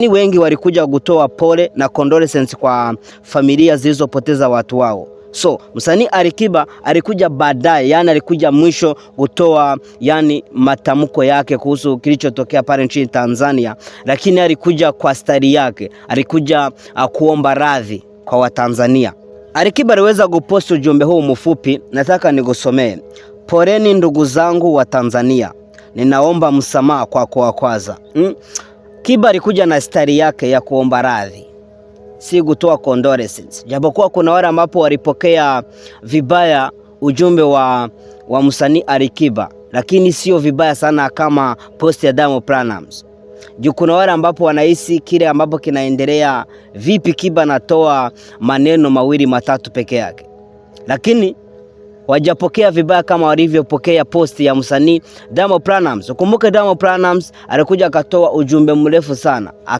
Ni Wengi walikuja kutoa pole na condolences kwa familia zilizopoteza watu wao. So msanii Alikiba alikuja baadaye, yani alikuja mwisho kutoa yani matamko yake kuhusu kilichotokea pale nchini Tanzania, lakini alikuja kwa stari yake, alikuja ah, kuomba radhi kwa Watanzania. Alikiba aliweza kuposti ujumbe huu mfupi, nataka nikusomee. Poleni ndugu zangu wa Tanzania, ninaomba msamaha kwa kuwakwaza mm. Akiba alikuja na stari yake ya kuomba radhi, si kutoa condolences, japokuwa kuna wale ambapo walipokea vibaya ujumbe wa, wa msanii Alikiba, lakini sio vibaya sana kama post ya Diamond Platnumz juu kuna wale ambapo wanahisi kile ambapo kinaendelea, vipi Kiba natoa maneno mawili matatu peke yake, lakini wajapokea vibaya kama walivyopokea posti ya msanii Diamond Platnumz. Ukumbuke Diamond Platnumz alikuja akatoa ujumbe mrefu sana.